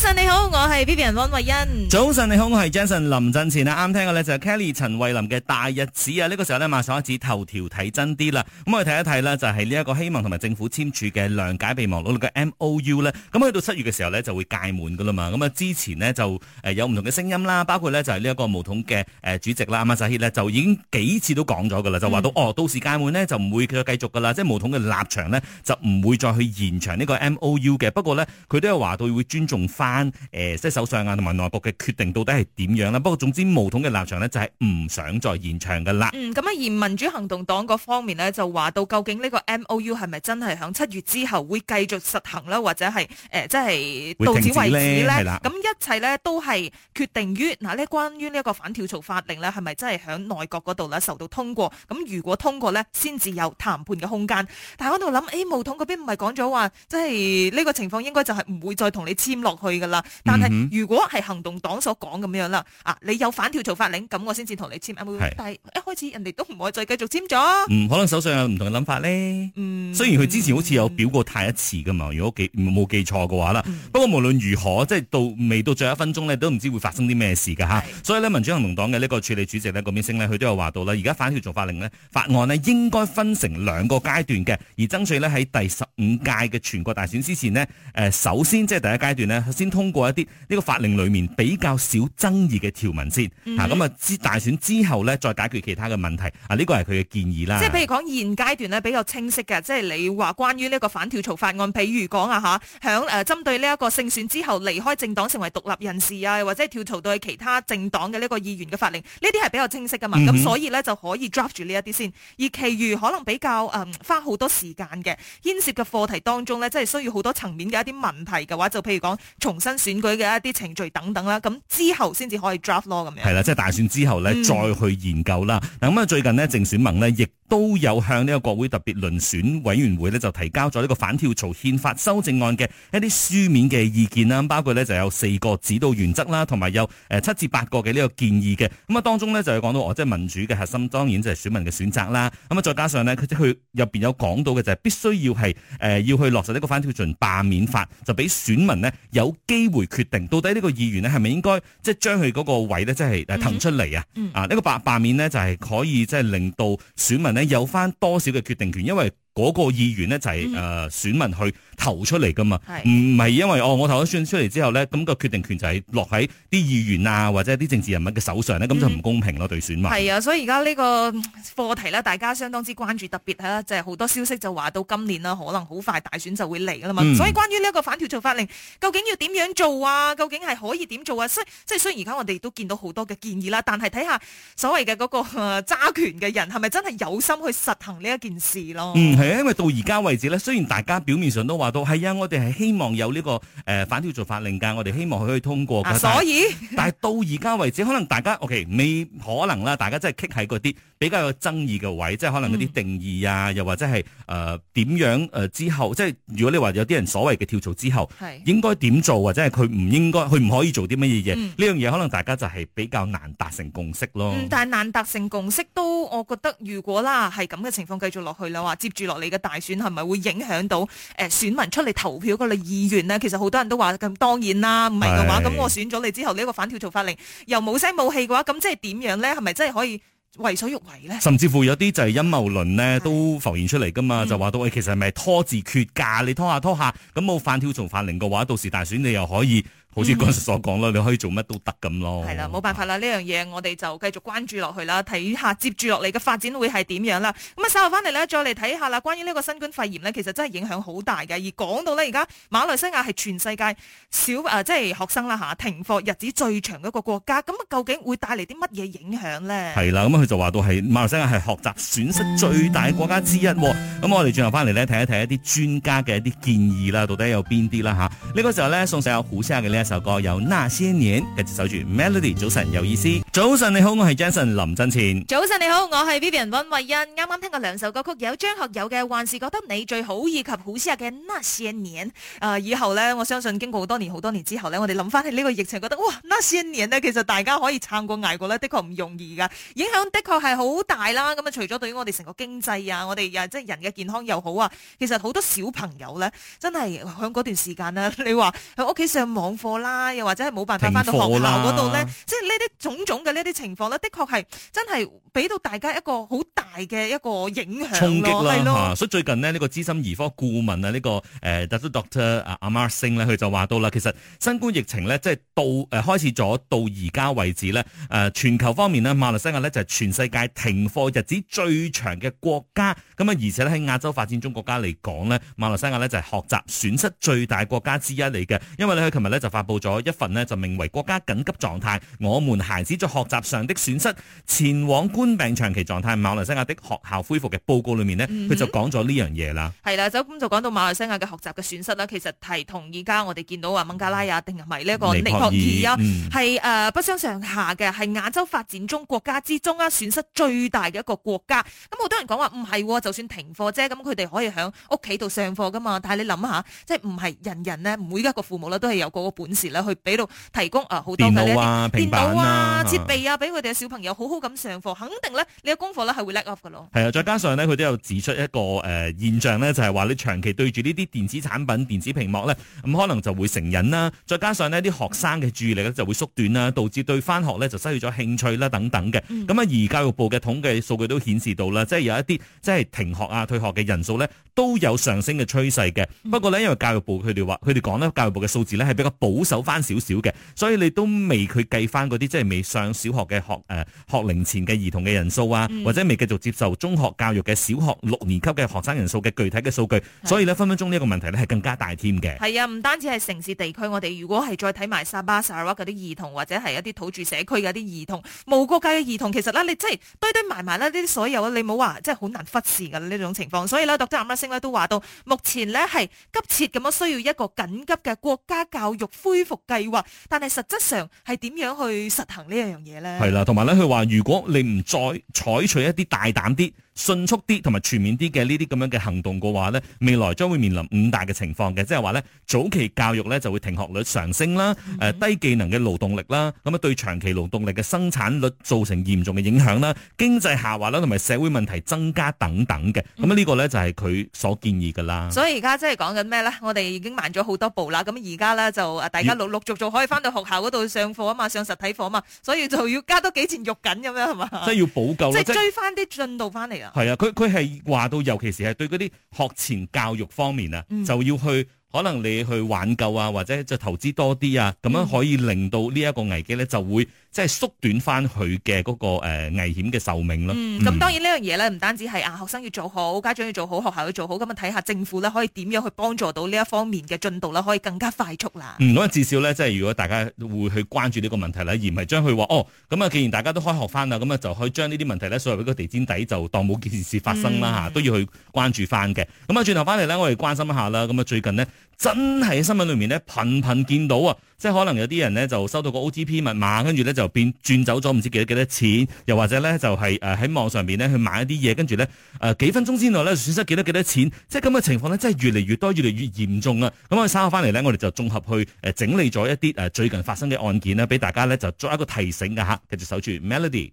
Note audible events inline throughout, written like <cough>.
先生你好，係 Vivian 温慧欣，早晨你好，我係 Jason 林振前啊！啱聽嘅咧就係、是、Kelly 陳慧琳嘅大日子啊！呢、這個時候咧馬上一於頭條睇真啲啦，咁我哋睇一睇啦，就係呢一個希望同埋政府簽署嘅諒解備忘錄嘅 M O U 咧，咁、這、去、個、到七月嘅時候咧就會屆滿噶啦嘛，咁啊之前呢，就誒有唔同嘅聲音啦，包括咧就係呢一個巫統嘅誒主席啦、啊，阿末扎希咧就已經幾次都講咗噶啦，就話到、嗯、哦到時屆滿咧就唔會再繼續噶啦，即係巫統嘅立場咧就唔會再去延長呢個 M O U 嘅，不過咧佢都有話到會尊重翻誒。呃即係首相啊，同埋內部嘅決定到底係點樣啦？不過總之，毛統嘅立場呢就係唔想再延長噶啦。嗯，咁啊，而民主行動黨嗰方面呢，就話到，究竟呢個 MOU 係咪真係響七月之後會繼續實行咧，或者係誒、呃、即係到此為呢止呢？咁一切呢都係決定於嗱咧，關於呢一個反跳槽法令呢，係咪真係響內閣嗰度呢受到通過？咁如果通過呢，先至有談判嘅空間。但係我喺度諗，誒、哎、毛統嗰邊唔係講咗話，即係呢、這個情況應該就係唔會再同你簽落去噶啦。但係嗯、如果係行動黨所講咁樣啦，啊，你有反跳槽法令，咁我先至同你簽，但係一、哎、開始人哋都唔會再繼續簽咗、嗯。可能手上有唔同嘅諗法咧。嗯，雖然佢之前好似有表過態一次噶嘛，如果記冇記錯嘅話啦、嗯，不過無論如何，即係到未到最後一分鐘呢，都唔知會發生啲咩事噶吓。所以呢，民主行動黨嘅呢個處理主席呢，嗰邊聲呢，佢都有話到啦，而家反跳槽法令呢，法案呢應該分成兩個階段嘅，而爭取呢，喺第十五屆嘅全國大選之前呢，誒，首先即係、就是、第一階段呢，先通過一啲。呢、這個法令裏面比較少爭議嘅條文先，吓、嗯、咁啊，之大選之後咧再解決其他嘅問題，啊呢、這個係佢嘅建議啦。即係譬如講現階段咧比較清晰嘅，即係你話關於呢個反跳槽法案，譬如講啊吓，響、啊、誒針對呢一個勝選之後離開政黨成為獨立人士啊，或者跳槽到其他政黨嘅呢個議員嘅法令，呢啲係比較清晰噶嘛，咁、嗯、所以咧就可以 draft 住呢一啲先，而其餘可能比較嗯花好多時間嘅牽涉嘅課題當中咧，即係需要好多層面嘅一啲問題嘅話，就譬如講重新選舉。嘅一啲程序等等啦，咁之後先至可以 draft 咯，咁樣係啦，即係大選之後咧，再去研究啦。咁、嗯、啊最近咧，鄭選盟咧亦。都有向呢個國會特別遴選委員會咧，就提交咗呢個反跳槽憲法修正案嘅一啲書面嘅意見啦，包括咧就有四個指導原則啦，同埋有誒七至八個嘅呢個建議嘅。咁啊，當中咧就係講到，哦，即係民主嘅核心，當然就係選民嘅選擇啦。咁啊，再加上咧，佢入邊有講到嘅就係必須要係誒、呃、要去落實呢個反跳槽罷免法，就俾選民呢有機會決定到底呢個議員呢係咪應該即係將佢嗰個位咧即係騰出嚟啊、嗯嗯？啊，呢、呢個罷罷免呢，就係、係、可以即係令到選民，你有翻多少嘅決定權，因為，嗰、那個議員呢，就係選民去投出嚟噶嘛，唔、嗯、係因為哦我投咗選出嚟之後呢，咁、那個決定權就係落喺啲議員啊或者啲政治人物嘅手上呢。咁、嗯、就唔公平咯對選民。係啊，所以而家呢個課題呢，大家相當之關注，特別啦就係、是、好多消息就話到今年啦，可能好快大選就會嚟啦嘛，所以關於呢一個反跳槽法令究竟要點樣做啊？究竟係可以點做啊？即即雖然而家我哋都見到好多嘅建議啦，但係睇下所謂嘅嗰、那個揸、呃、權嘅人係咪真係有心去實行呢一件事咯？嗯因為到而家為止咧，雖然大家表面上都話到，係啊，我哋係希望有呢、這個誒、呃、反跳槽法令噶，我哋希望可以通過、啊、所以，但係到而家為止，可能大家 OK 未可能啦。大家真係棘喺啲比較有爭議嘅位，即係可能啲定義啊、嗯，又或者係誒點樣誒、呃、之後，即係如果你話有啲人所謂嘅跳槽之後，應該點做或者係佢唔應該，佢唔可以做啲乜嘢嘢呢樣嘢，可能大家就係比較難達成共識咯。嗯、但係難達成共識都，我覺得如果啦係咁嘅情況繼續落去咧，話接住落。你嘅大選係咪會影響到誒選民出嚟投票嗰個意願呢？其實好多人都話咁當然啦，唔係嘅話，咁我選咗你之後，你、這、一個反跳槽法令又冇聲冇氣嘅話，咁即係點樣咧？係咪真係可以為所欲為咧？甚至乎有啲就係陰謀論呢都浮現出嚟㗎嘛，就話到喂，其實係咪拖字訣㗎？你拖下拖下，咁冇反跳槽法令嘅話，到時大選你又可以。好似嗰陣所講啦，你可以做乜都得咁咯。係啦，冇辦法啦，呢樣嘢我哋就繼續關注落去啦，睇下接住落嚟嘅發展會係點樣啦。咁啊，稍後翻嚟咧，再嚟睇下啦。關於呢個新冠肺炎咧，其實真係影響好大嘅。而講到咧，而家馬來西亞係全世界小啊，即係學生啦嚇停課日子最長嘅一個國家。咁啊，究竟會帶嚟啲乜嘢影響咧？係啦，咁佢就話到係馬來西亞係學習損失最大國家之一。咁、嗯、我哋轉頭翻嚟咧，睇一睇一啲專家嘅一啲建議啦，到底有邊啲啦嚇？呢、啊呢個時候咧，送上虎聲嘅呢首歌有那些年，跟住守住 melody。早晨有意思，早晨你好，我係 Jason 林振前。早晨你好，我係 Vivian 溫慧欣。啱啱聽過兩首歌曲，有張學友嘅《還是覺得你最好》，以及胡詩雅嘅《那些年》。啊、呃，以後咧，我相信經過好多年、好多年之後咧，我哋諗翻起呢個疫情，覺得哇，《那些年》咧，其實大家可以撐過、捱過咧，的確唔容易噶，影響的確係好大啦。咁啊，除咗對於我哋成個經濟啊，我哋又即係人嘅健康又好啊，其實好多小朋友咧，真係響嗰段時間咧，你話喺屋企上網課。啦，又或者係冇辦法返到學校嗰度咧，即係呢啲種種嘅呢啲情況咧，的確係真係俾到大家一個好大嘅一個影響咯，衝擊啦，啊、所以最近呢，呢、這個資深兒科顧問啊，這個呃、呢個誒 Dr. Doctor 阿 Amar Singh 咧，佢就話到啦，其實新冠疫情咧，即係到誒、呃、開始咗到而家為止咧，誒、呃、全球方面呢，馬來西亞咧就係、是、全世界停課日子最長嘅國家，咁啊，而且咧喺亞洲發展中國家嚟講咧，馬來西亞咧就係、是、學習損失最大國家之一嚟嘅，因為咧佢琴日咧就發發佈咗一份呢，就名為《國家緊急狀態，我們孩子在學習上的損失，前往冠病長期狀態馬來西亞的學校恢復》嘅報告裏面呢，佢、嗯、就講咗呢樣嘢啦。係啦，咁就講到馬來西亞嘅學習嘅損失啦。其實係同而家我哋見到話孟加拉亞定係咪呢一個尼泊爾啊，係誒、嗯、不相上下嘅，係亞洲發展中國家之中啊損失最大嘅一個國家。咁好多人講話唔係，就算停課啫，咁佢哋可以喺屋企度上課噶嘛。但係你諗下，即係唔係人人咧，每一個父母啦都係有嗰個時咧去俾到提供啊好多嘅電腦啊、平板啊、設備啊，俾佢哋嘅小朋友好好咁上課，肯定咧你嘅功課咧係會叻 up 嘅咯。係啊，再加上呢，佢都有指出一個誒現象咧，就係話你長期對住呢啲電子產品、電子屏幕咧，咁可能就會成癮啦。再加上呢啲學生嘅注意力咧就會縮短啦，導致對翻學咧就失去咗興趣啦等等嘅。咁啊，而教育部嘅統計數據都顯示到啦，即係有一啲即係停學啊、退學嘅人數咧都有上升嘅趨勢嘅。不過呢，因為教育部佢哋話佢哋講呢，教育部嘅數字咧係比較保保守翻少少嘅，所以你都未去計翻嗰啲即係未上小學嘅學誒、呃、學齡前嘅兒童嘅人數啊，嗯，或者未繼續接受中學教育嘅小學六年級嘅學生人數嘅具體嘅數據，所以呢，分分鐘呢一個問題呢係更加大添嘅。係啊，唔單止係城市地區，我哋如果係再睇埋沙巴、砂拉越嗰啲兒童或者係一啲土著社區嘅一啲兒童、冇國界嘅兒童，其實呢，你即係堆堆埋埋呢，呢啲所有啊你冇話即係好難忽視㗎呢種情況，所以呢，讀多啱啱聲都話到，目前呢係急切咁樣需要一個緊急嘅國家教育，恢復計劃，但係實質上係點樣去實行呢一樣嘢咧？係啦，同埋咧，佢話如果你唔再採取一啲大膽啲，迅速啲同埋全面啲嘅呢啲咁樣嘅行動嘅話咧，未來將會面臨五大嘅情況嘅，即係話咧早期教育咧就會停學率上升啦，誒、mm -hmm. 低技能嘅勞動力啦，咁啊對長期勞動力嘅生產率造成嚴重嘅影響啦，經濟下滑啦同埋社會問題增加等等嘅，咁啊呢個咧就係佢所建議噶啦。所以而家即係講緊咩咧？我哋已經慢咗好多步啦，咁而家咧就大家陸陸續續可以翻到學校嗰度上課啊嘛，上實體課啊嘛，所以就要加多幾錢肉緊咁樣，係嘛？即係要補救，即係追翻啲進度翻嚟啊！係啊，佢佢係話到，尤其是係對嗰啲學前教育方面啊，嗯、就要去可能你去挽救啊，或者就投資多啲啊，咁樣可以令到呢一個危機咧就會。即係縮短翻佢嘅嗰個誒危險嘅壽命啦。咁、嗯、當然呢樣嘢咧，唔單止係啊學生要做好，家長要做好，學校要做好。咁啊睇下政府咧可以點樣去幫助到呢一方面嘅進度呢？可以更加快速啦。咁、嗯、至少咧，即係如果大家會去關注呢個問題咧，而唔係將佢話哦咁啊，既然大家都開學翻啦，咁啊就可以將呢啲問題咧所謂嗰個地氈底就當冇件事發生啦吓、嗯，都要去關注翻嘅。咁啊轉頭翻嚟咧，我哋關心一下啦。咁啊最近呢，真係新聞裏面咧頻頻見到啊。即係可能有啲人咧就收到個 OTP 密碼，跟住咧就變轉走咗唔知幾多幾多錢，又或者咧就係誒喺網上邊咧去買一啲嘢，跟住咧誒幾分鐘之內咧損失幾多幾多錢，即係咁嘅情況咧，真係越嚟越多，越嚟越嚴重啊！咁我哋三個翻嚟咧，我哋就綜合去誒整理咗一啲誒最近發生嘅案件啦，俾大家咧就作一個提醒㗎。吓，繼續守住 Melody。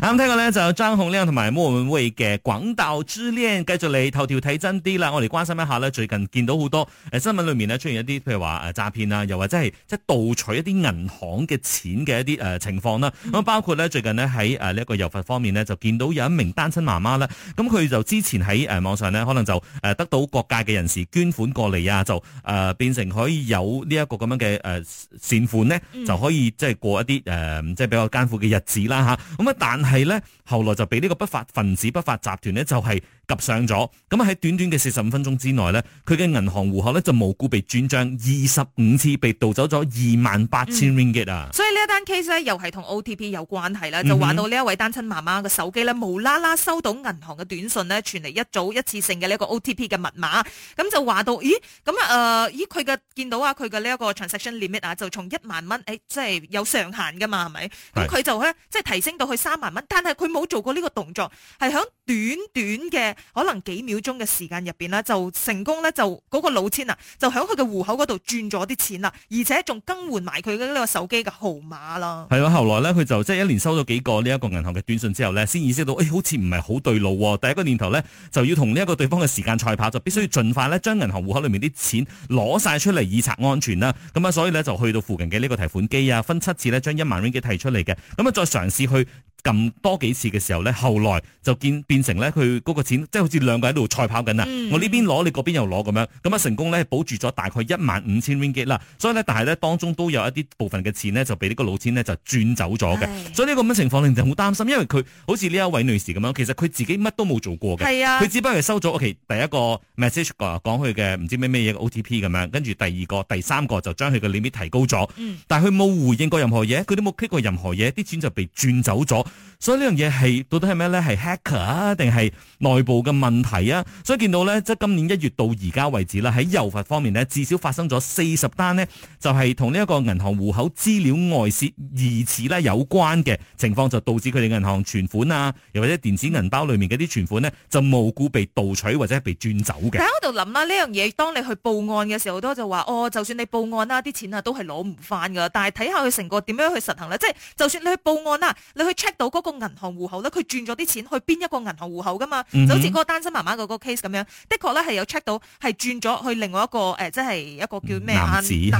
咁聽過咧就有張洪量，同埋莫文蔚嘅《廣島之戀》，繼續嚟頭條睇真啲啦。我哋關心一下咧，最近見到好多誒、呃、新聞裏面呢，出現一啲譬如話誒詐騙啊，又或者係即係盜取一啲銀行嘅錢嘅一啲誒、呃、情況啦。咁、嗯、包括呢，最近呢喺誒呢一個游佛方面呢，就見到有一名單親媽媽啦，咁佢就之前喺誒、呃、網上呢，可能就誒得到各界嘅人士捐款過嚟啊，就誒、呃、變成可以有呢一個咁樣嘅誒、呃、善款呢，就可以即係過一啲誒、呃、即係比較艱苦嘅日子啦吓。咁啊～、嗯但係咧，後來就俾呢個不法分子、不法集團咧，就係、是、及上咗。咁啊喺短短嘅四十五分鐘之內咧，佢嘅銀行戶口咧就無故被轉賬二十五次，被盜走咗二萬八千 Ringgit 啊！所以呢一單 case 咧，又係同 OTP 有關係啦，就話到呢一位單親媽媽嘅手機咧，無啦啦收到銀行嘅短信咧，傳嚟一組一次性嘅呢一個 OTP 嘅密碼，咁就話到，咦咁啊咦佢嘅見到啊佢嘅呢一個 transaction limit 啊，就從一萬蚊，誒即係有上限㗎嘛，係咪？咁佢就呢，即係提升到去三萬蚊，但係佢冇做過呢個動作，係喺短短嘅可能幾秒鐘嘅時間入邊呢就成功咧，就嗰、那個老千啊，就喺佢嘅戶口嗰度轉咗啲錢啦，而且仲更換埋佢嘅呢個手機嘅號碼啦。係咯、啊，後來咧，佢就即係、就是、一連收咗幾個呢一個銀行嘅短信之後咧，先意識到，誒、哎，好似唔係好對路、啊。第一個念頭咧，就要同呢一個對方嘅時間賽跑，就必須要盡快咧，將銀行戶口裏面啲錢攞晒出嚟以策安全啦。咁啊，所以咧就去到附近嘅呢個提款機啊，分七次咧將一萬蚊機提出嚟嘅，咁啊再嘗試去。撳多幾次嘅時候咧，後來就見變成咧，佢嗰個錢即係好似兩個喺度賽跑緊啊、嗯！我呢邊攞，你嗰邊又攞咁樣，咁啊成功咧保住咗大概一萬五千 ringgit 啦。所以咧，但係咧當中都有一啲部分嘅錢呢，就俾呢個老千呢，就轉走咗嘅。所以呢個咁嘅情況，你就好擔心，因為佢好似呢一位女士咁樣，其實佢自己乜都冇做過嘅，佢、啊、只不過收咗 okay 第一個 message 講佢嘅唔知咩咩嘢嘅 OTP 咁樣，跟住第二個、第三個就將佢嘅 limit 提高咗、嗯，但係佢冇回應過任何嘢，佢都冇撳過任何嘢，啲錢就被轉走咗。所以呢樣嘢係到底係咩咧？係 hacker 啊，定係內部嘅問題啊？所以見到咧，即係今年一月到而家為止啦，喺誘罰方面呢，至少發生咗四十單呢，就係同呢一個銀行戶口資料外泄疑似咧有關嘅情況，就導致佢哋銀行存款啊，又或者電子銀包裏面嗰啲存款呢、啊，就無故被盜取或者係被轉走嘅。喺我度諗啦，呢樣嘢當你去報案嘅時候都就話哦，就算你報案啦，啲錢啊都係攞唔翻噶。但係睇下佢成個點樣去實行咧，即、就、係、是、就算你去報案啦，你去 check。到、那、嗰個銀行戶口咧，佢轉咗啲錢去邊一個銀行戶口噶嘛？嗯、就好似嗰個單身媽媽嗰個 case 咁樣，的確咧係有 check 到係轉咗去另外一個誒，即、呃、係、就是、一個叫咩男、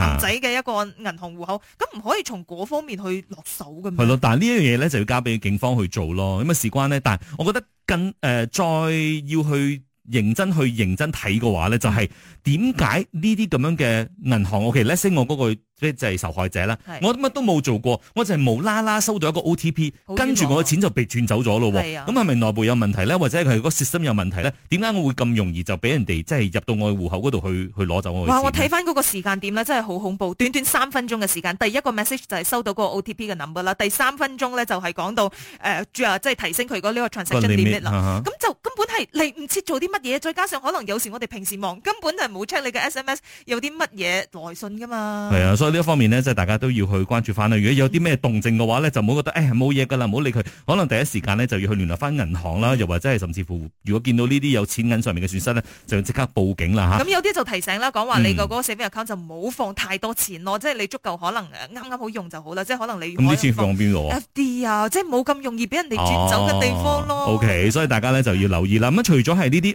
男仔嘅一個銀行戶口，咁唔可以從嗰方面去落手噶嘛？係咯，但係呢一樣嘢咧就要交俾警方去做咯，因為事關咧。但係我覺得更誒、呃，再要去。認真去認真睇嘅話咧，就係點解呢啲咁樣嘅銀行？我其 l i s 我嗰句即係受害者啦。我乜都冇做過，我就係無啦啦收到一個 OTP、啊、跟住我嘅錢就被轉走咗咯。咁係咪內部有問題咧，或者佢個 s 有問題咧？點解我會咁容易就俾人哋即係入到我嘅戶口嗰度去去攞走我？哇！我睇翻嗰個時間點咧，真係好恐怖。短短三分鐘嘅時間，第一個 message 就係收到個 OTP 嘅 number 啦，第三分鐘咧就係講到誒、即、呃、係、就是、提升佢嗰呢個 transaction limit 啦、啊。咁就根本係唔切做啲乜。嘢再加上可能有時我哋平時忙根本就冇 check 你嘅 SMS 有啲乜嘢來信噶嘛？係啊，所以呢一方面呢，即係大家都要去關注翻啦。如果有啲咩動靜嘅話呢，就唔好覺得誒冇嘢噶啦，唔好理佢。可能第一時間呢，就要去聯絡翻銀行啦，又或者係甚至乎，如果見到呢啲有錢銀上面嘅損失呢，就要即刻報警啦。咁有啲就提醒啦，講話你個嗰個賬戶就唔好放太多錢咯，即係你足夠可能啱啱好用就好啦，即係可能你咁啲錢放邊喎？FD 啊，即係冇咁容易俾人哋轉走嘅地方咯。OK，所以大家呢，就要留意啦。咁除咗係呢啲。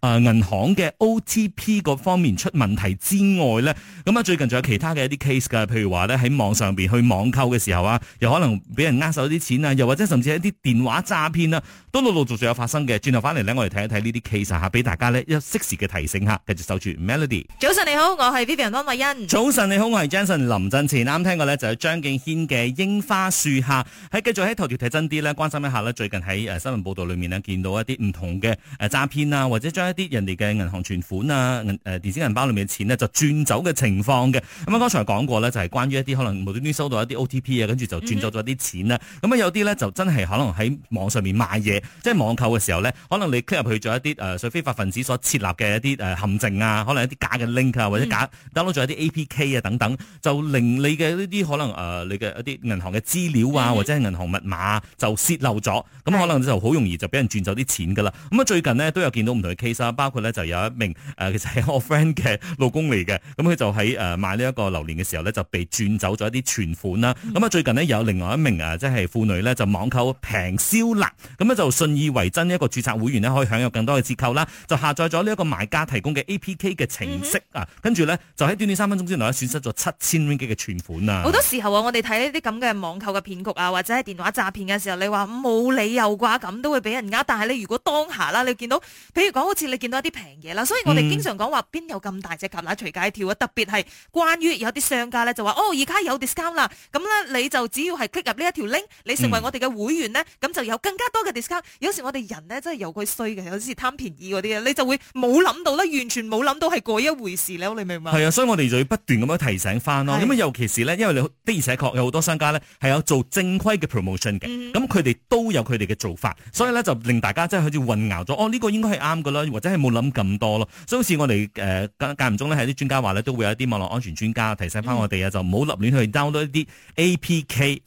啊，銀行嘅 OTP 嗰方面出問題之外咧，咁啊最近仲有其他嘅一啲 case 嘅，譬如話咧喺網上邊去網購嘅時候啊，又可能俾人呃手啲錢啊，又或者甚至係一啲電話詐騙啊，都陸陸續續有發生嘅。轉頭返嚟咧，我哋睇一睇呢啲 case 嚇，俾大家呢一適時嘅提醒嚇。繼續守住 Melody。早晨你好，我係 Vivian 安慧欣。早晨你好，我係 Jason 林振前。啱聽過呢，就係張敬軒嘅《櫻花樹下》。喺繼續喺頭條睇真啲呢，關心一下呢。最近喺誒新聞報道裏面呢，見到一啲唔同嘅誒詐騙啊，或者將一啲人哋嘅銀行存款啊，銀、呃、電子銀包裏面嘅錢、啊錢 mm -hmm. 嗯、呢，就轉走嘅情況嘅。咁啊，剛才講過咧，就係關於一啲可能無端端收到一啲 OTP 啊，跟住就轉走咗啲錢啦。咁啊，有啲咧就真係可能喺網上面買嘢，即係網購嘅時候咧，可能你 click 入去咗一啲誒、呃，所以非法分子所設立嘅一啲誒陷阱啊，可能一啲假嘅 link 啊，或者假 download 咗、mm -hmm. 一啲 APK 啊等等，就令你嘅呢啲可能、呃、你嘅一啲銀行嘅資料啊，mm -hmm. 或者係銀行密碼就泄漏咗，咁、mm -hmm. 嗯、可能就好容易就俾人轉走啲錢噶啦。咁、嗯、啊，最近呢，都有見到唔同嘅 case。包括咧就有一名，誒，其實係我 friend 嘅老公嚟嘅，咁佢就喺誒買呢一個榴蓮嘅時候呢，就被轉走咗一啲存款啦。咁、嗯、啊，最近呢，有另外一名誒，即係婦女呢，就網購平銷啦，咁咧就信以為真，一個注冊會員呢，可以享有更多嘅折扣啦，就下載咗呢一個買家提供嘅 A P K 嘅程式啊，跟住呢，就喺短短三分鐘之內咧損失咗七千蚊嘅存款啊。好多時候啊，我哋睇呢啲咁嘅網購嘅騙局啊，或者係電話詐騙嘅時候，你話冇理由啩，咁都會俾人呃，但係你如果當下啦，你見到，譬如講好似。你見到一啲平嘢啦，所以我哋經常講話邊有咁大隻蛤乸隨街跳啊！特別係關於有啲商家咧就話哦，而家有 discount 啦，咁咧你就只要係 click 入呢一條 link，你成為我哋嘅會員咧，咁就有更加多嘅 discount。嗯、有時我哋人咧真係有個衰嘅，有時貪便宜嗰啲咧，你就會冇諗到咧，完全冇諗到係過一回事，你明白嗎？係啊，所以我哋就要不斷咁樣提醒翻咯。咁尤其是咧，因為你的而且確有好多商家咧係有做正規嘅 promotion 嘅，咁佢哋都有佢哋嘅做法，所以咧就令大家真係好似混淆咗。哦，呢個應該係啱㗎啦。真係冇諗咁多咯，所以好似我哋誒間間唔中咧，係啲專家話咧，都會有一啲網絡安全專家提醒翻我哋啊、嗯，就唔好立亂去 download 一啲 APK，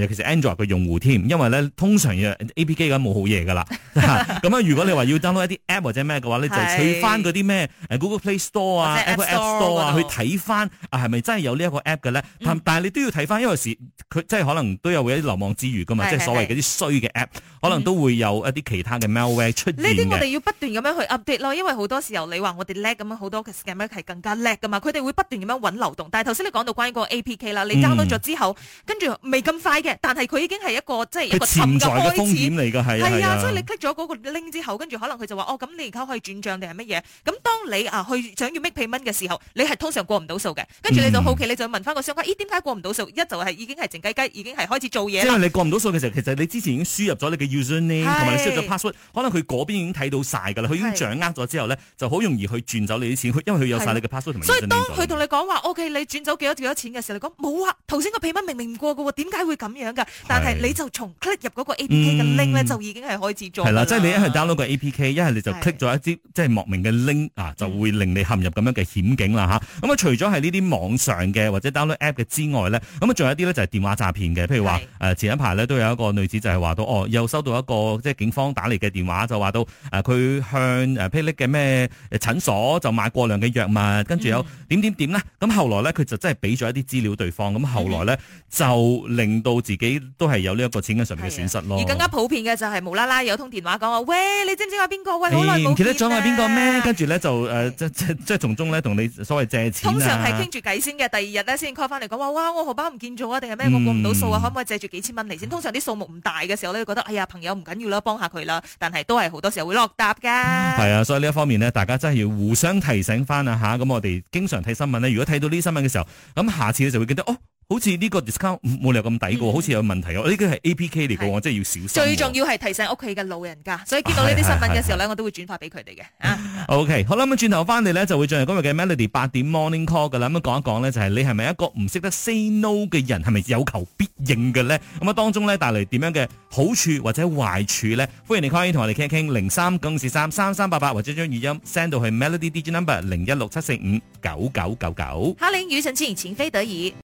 尤其係 Android 嘅用戶添，因為咧通常嘅 APK 咁冇好嘢噶啦。咁啊，如果你話要 download 一啲 app 或者咩嘅話，呢 <laughs> 就取翻嗰啲咩 Google Play Store 啊、app Apple App Store 啊，Store 去睇翻係咪真係有呢一個 app 嘅咧、嗯？但係你都要睇翻，因為時佢真係可能都有會有流亡之餘噶嘛，是是是即係所謂嗰啲衰嘅 app，、嗯、可能都會有一啲其他嘅 malware 出現嘅。呢啲我哋要不斷咁樣去。因為好多時候你話我哋叻咁樣，好多嘅 scam 咧係更加叻噶嘛，佢哋會不斷咁樣搵流動。但係頭先你講到關於個 A P K 啦，你爭到咗之後，跟住未咁快嘅，但係佢已經係一個即係一個潛在嘅風險嚟嘅係。啊，啊，啊，所以你 click 咗嗰個 link 之後，跟住可能佢就話哦，咁你而家可以轉賬定係乜嘢？咁當你啊去想要 make money 嘅時候，你係通常過唔到數嘅。跟住你就好奇，你就問翻個商家，咦、欸，點解過唔到數？一就係已經係靜雞雞，已經係開始做嘢即係你過唔到數嘅時候，其實你之前已經輸入咗你嘅 user name 同埋輸入咗 password，可能佢嗰邊已經睇到晒噶啦，掌握咗之後咧，就好容易去轉走你啲錢，因為佢有晒你嘅 password。所以當佢同你講話，O K，你轉走幾多幾多錢嘅時候，你講冇啊！頭先個屁蚊明明唔過嘅喎，點解會咁樣噶？但係你就從 click 入嗰個 A P K 嘅 link 咧、嗯，就已經係開始做了。係啦，即係你一係 download 個 A P K，一係你就 click 咗一啲即係莫名嘅 link 啊，就會令你陷入咁樣嘅險境啦吓，咁啊，除咗係呢啲網上嘅或者 download app 嘅之外咧，咁啊，仲有一啲咧就係電話詐騙嘅，譬如話誒、呃、前一排咧都有一個女子就係話到，哦，又收到一個即係警方打嚟嘅電話，就話到誒佢、呃、向誒，譬如嘅咩誒診所就買過量嘅藥物，跟住有點點點啦。咁後來咧，佢就真係俾咗一啲資料對方。咁後來咧，就令到自己都係有呢一個錢上面嘅損失咯。而更加普遍嘅就係無啦啦有通電話講話，喂，你知唔知我邊個？喂，好耐冇見啦，哎，記得咗我邊個咩？跟住咧就誒、呃，即即即係從中咧同你所謂借錢啊。通常係傾住偈先嘅，第二日咧先 call 翻嚟講，哇哇，我荷包唔見咗，定係咩？我估唔到數啊，可唔可以借住幾千蚊嚟先？通常啲數目唔大嘅時候咧，覺得哎呀朋友唔緊要啦，幫下佢啦。但係都係好多時候會落答噶。係啊，所以呢一方面咧，大家真係要互相提醒翻啊吓，咁我哋經常睇新聞咧，如果睇到呢啲新聞嘅時候，咁下次你就會記得哦。好似呢個 discount 冇理由咁抵嘅，好似有問題嘅。呢個係 A P K 嚟嘅，我真係要小心。最重要係提醒屋企嘅老人家，所以見到呢啲新聞嘅時候咧，是是是是我都會轉發俾佢哋嘅。啊、嗯嗯、，OK，好啦，咁轉頭翻嚟咧，就會進入今日嘅 Melody 八點 Morning Call 嘅啦。咁樣講一講咧，就係、是、你係咪一個唔識得 say no 嘅人，係咪有求必應嘅咧？咁啊當中咧帶嚟點樣嘅好處或者壞處咧？歡迎你可以同我哋傾一傾。零三更是三三三八八，或者將語音 send 到去 Melody d i Number 零一六七四五九九九九。哈林庾澄慶情非得已。